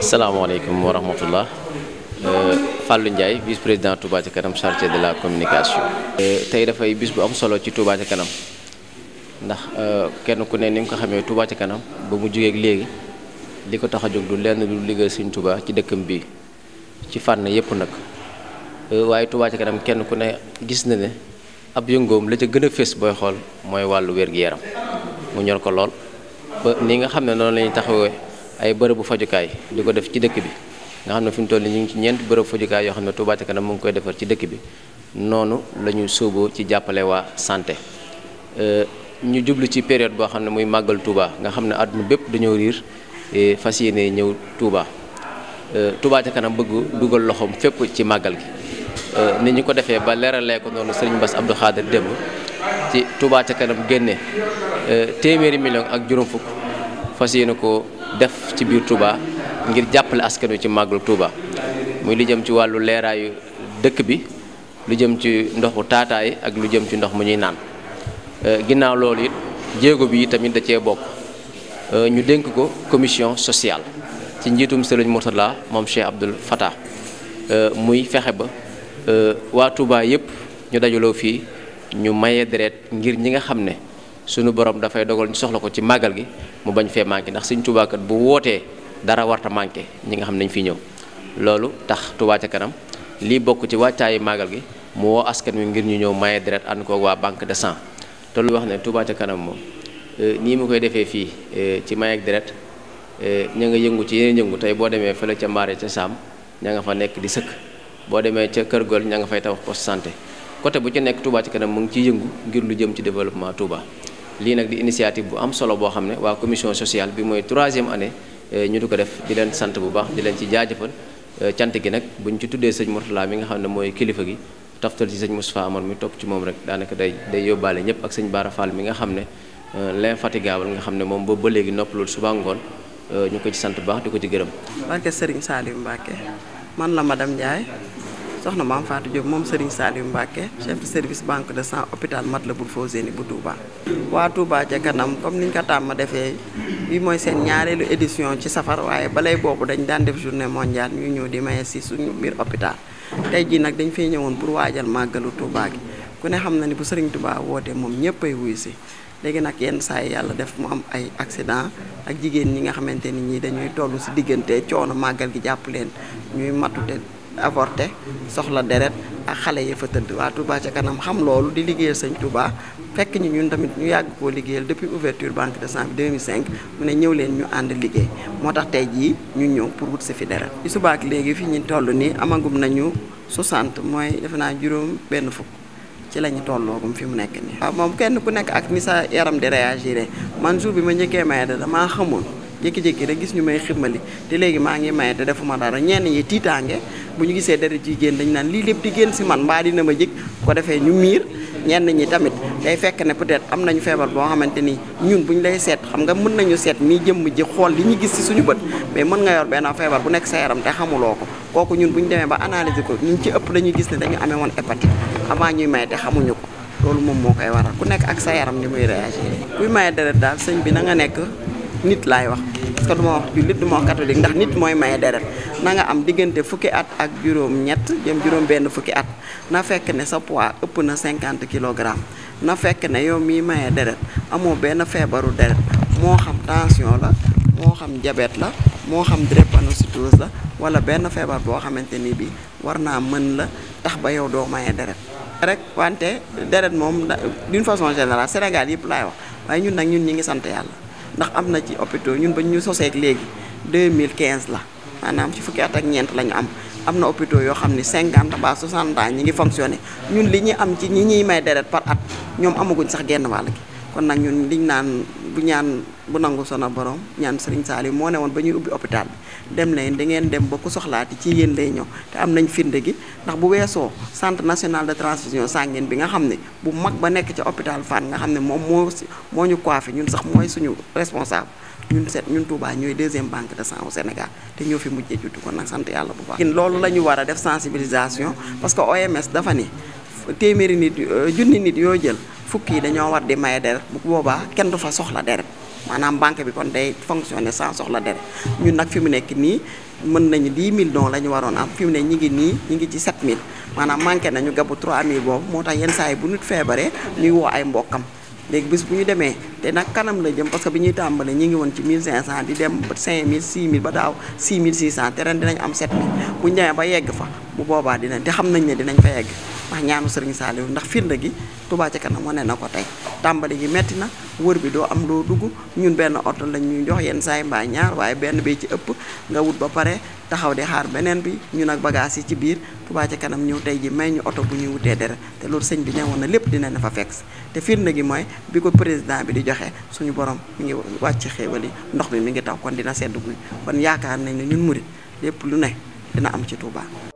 salaamaaleykum wa rahmatullah euh, Fallou Ndiaye vice président Touba ca kanam chargé de la communication. Euh, tey dafay bis bu am solo ci Touba kanam ndax euh, kenn ku ne ni nga ko xamee Touba ca kanam ba mu jógeek léegi li ko tax a jóg du lenn lu liggéey Sëñ Touba ci dëkkam bi ci fànn yëpp nag waaye Touba ca kanam kenn ku ne gis na ne ab yëngoom la ca gën a fés booy xool mooy wàllu wér gi yaram mu ñor ko lool ba ni nga xam ne noonu lañuy ñuy ay bërëbu fajukaay di ko def ci dëkk bi nga xam ne fi mu toll nii ñu ngi ci ñeent bërëbu fajukaay yoo xam ne Touba ca kanam mu ngi koy defar ci dëkk bi noonu la ñu sóoboo ci jàppale waa santé euh, ñu jublu ci période boo xam ne muy màggal Touba nga xam ne àdduna bépp dañoo riir fas yéene ñëw tuubaa euh, Touba ca kanam bëgg dugal loxoom fépp ci màggal gi euh, ni ñu ko defee ba leeralee ko noonu sëriñ Bass Abdou Khader démb ci Touba ca kanam génne téeméeri million ak juróom def ci biir Touba ngir jàppale askan wi ci màggalu Touba muy li jëm ci wàllu leeraayu dëkk bi lu jëm ci ndoxu taataay ak lu jëm ci ndox mu ñuy naan euh, ginnaaw loolu it jéego bi tamit da cee bokk euh, ñu dénk ko commission sociale ci njiitum sëriñ Mourtala moom Cheikh Abdoul Fattah euh, muy fexe ba waa Touba yëpp ñu dajaloo fii ñu maye deret ngir ñi nga xam ne suñu borom dafay dogal ñu soxla ko ci màggal gi mu bañ fee manqué ndax Sëñ Tuubaa bu wootee dara warta manqué ñi nga xam ne dañ fi ñëw loolu tax Tuubaa ca kanam lii bokk ci wàccaayu màggal gi mu askan wi ngir ñu ñëw maye deret ànd ko waa banque de sang te lu wax ne Tuubaa ca kanam moom e, nii mu koy defee fii e, ci maye ak deret e, ña nga yëngu ci yeneen yëngu tey boo demee fële ca mbaare ca saam ña nga fa nekk di sëkk boo demee ca kër gol ña nga fay tabax poste santé côté bu ci nekk Touba ci kanam mu ngi ciy yëngu ngir lu jëm ci développement Touba lii nag di initiative bu am solo boo xam ne waa commission sociale bi mooy troisième année eh, ñu di ko def di leen sant bu baax di leen ci jaajëfal eh, cant gi nag ñu ci tuddee sëñ Mourtala mi nga xam ne mooy kilifa gi taftal ci sëñ Moustapha Amar mi topp ci moom rek daanaka day day yóbbaale ñëpp ak sëñ Bara Fall mi nga xam ne leen eh, l'infatigable nga xam ne moom boobu ba léegi noppalul suba ngoon ñu ko ci sant bu baax di ko ci gërëm. barke Serigne Saliou Mbacke man la soxna maam Fatou Diop moom Serigne Saliou Mbacke chef de service banque de sang hôpital Matlaboul Fawzeyni bu Touba. waa Touba ca kanam comme niñ ko ma defee bi mooy seen ñaareelu édition ci safar waaye balay boobu dañ daan def journée mondial ñu ñëw di maye si suñu biir hôpital. tey jii nag dañ fee ñëwoon pour waajal màggalu Touba gi ku ne xam na ni bu Serigne Touba wootee moom ñëpp ay wuyu si. léegi nag yenn saa yi yàlla def mu am ay accident ak jigéen ñi nga xamante ni ñi dañuy toll ci diggante coono màggal gi jàpp leen ñuy matute avorté soxla deret ak xale ya fa tëdd waa Touba ca kanam xam loolu di liggéeyal sëñ Touba fekk ñu ñun tamit ñu yàgg koo liggéeyal depuis ouverture banque de sang bi 2005 mu ne ñëw leen ñu ànd liggéey moo tax tey jii ñu ñëw pour wut si fi deret ci subaak léegi fi ñu toll nii amagum nañu 60 mooy defe naa juróom benn fukk ci la ñu tolloogum fi mu nekk nii. waaw moom kenn ku nekk ak ni sa yaram di réagir man jour bi ma njëkkee maye damaa xamoon. jékki-jékki rek gis ñu may xirmali te léegi maa ngi maye te defuma dara ñenn ñi tiitaange bu ñu gisee deret yi génn dañ naan lii lépp di génn si man mbaa dina ma jëkk ko defee ñu miir ñenn ñi tamit day fekk ne peut-être am nañu feebar boo xamante ni ñun bu ñu lay seet xam nga mën nañu seet nii jëmm ji xool li ñu gis si suñu bët mais mën nga yor benn feebar bu nekk sa yaram te xamuloo ko kooku ñun bu ñu demee ba analyser ko ñun ci ëpp dañuy gis ne dañu amee woon hépatite avant ñuy maye te xamuñu ko loolu moom moo koy waral ku nekk ak sa yaram ni muy réagir kuy maye deret daal sëñ bi na nga nekk nit laay wax parce que du ma wax jullit du ma ndax nit mooy maye deret na nga am diggante fukki at ak juróom-ñett jëm juróom-benn fukki at na fekk ne sa poids ëpp na 50 kilogramme na fekk ne yow mi maye deret amoo benn feebaru deret moo xam tension la moo xam diabète la moo xam drépanocytose la wala benn feebar boo xamante ni bii war naa mën la tax ba yow doo maye deret. rek wante deret moom d'une façon générale Sénégal yëpp laay wax waaye ñun nag ñun ñi ngi sant yàlla. ndax am na ci hôpitaux ñun ba ñu soseeg léegi mille 2015 la maanaam ci fukki at ak ñeent la ñu am am na hôpitaux yoo xam ne 50 ba 60 ans ñi ngi fonctionné ñun li ñuy am ci ñi ñuy may deret par at ñoom amaguñ sax genn wàll gi kon nag ñun liñ naan bu ñaan bu nangu sona borom ñaan Serigne saali moo ne woon ba ñuy ubbi hôpital bi dem leen da ngeen dem ba ku soxlaati ci yéen lay ñëw te am nañ firnde gi ndax bu weesoo centre national de transfusion sanguine bi nga xam ne bu mag ba nekk ca hôpital Fann nga xam ne moom moo moo ñu coiffé ñun sax mooy suñu responsable ñun seet ñun Touba ñooy deuxième banque de sang Sénégal te ñoo fi mujjee juddu kon nag sant yàlla bu baax. loolu la ñu war a def sensibilisation parce que OMS dafa ni téeméeri nit euh, junni nit yoo jël. fukki yi dañoo war di maye deret bu boobaa kenn du fa soxla deret maanaam banque bi kon day fonctionner sans soxla deret ñun nag fi mu nekk nii mën nañu 10 000 dons la ñu waroon am fi mu ne ñi ngi nii ñi ngi ci 7000 maanaam manqué nañu gabu 3000 boobu moo tax yenn saa yi bu nit feebaree ñuy woo ay mbokkam léegi bis bu ñu demee te nag kanam la jëm parce que bi ñuy tàmbale ñu ngi woon ci 1500 di dem ba 5000 6000 ba daaw 6600 te ren dinañ am 7000 bu ñu demee ba yegg fa bu boobaa dinañ te xam nañ ne dinañ fa yegg ndax ñaanu Serigne Saliou ndax firnde gi tubaa Ca Kanam wane na ko tey tàmbali gi metti na wër bi doo am loo dugg ñun benn oto lañ ñuy jox yenn saay mbaa ñaar waaye benn bee ci ëpp nga wut ba pare taxaw di xaar beneen bi ñun ak bagage yi ci biir Touba Ca Kanam ñëw tey ji may ñu oto bu ñuy wutee te loolu sëñ bi ñëwoon na lépp dina ne fa fekk te firnde gi mooy bi ko président bi di joxee suñu borom mi ngi wàcc xéewal yi ndox mi mi ngi taw kon dina sedd guy kon yaakaar nañ ne ñun murit lépp lu ne dina am ci Touba.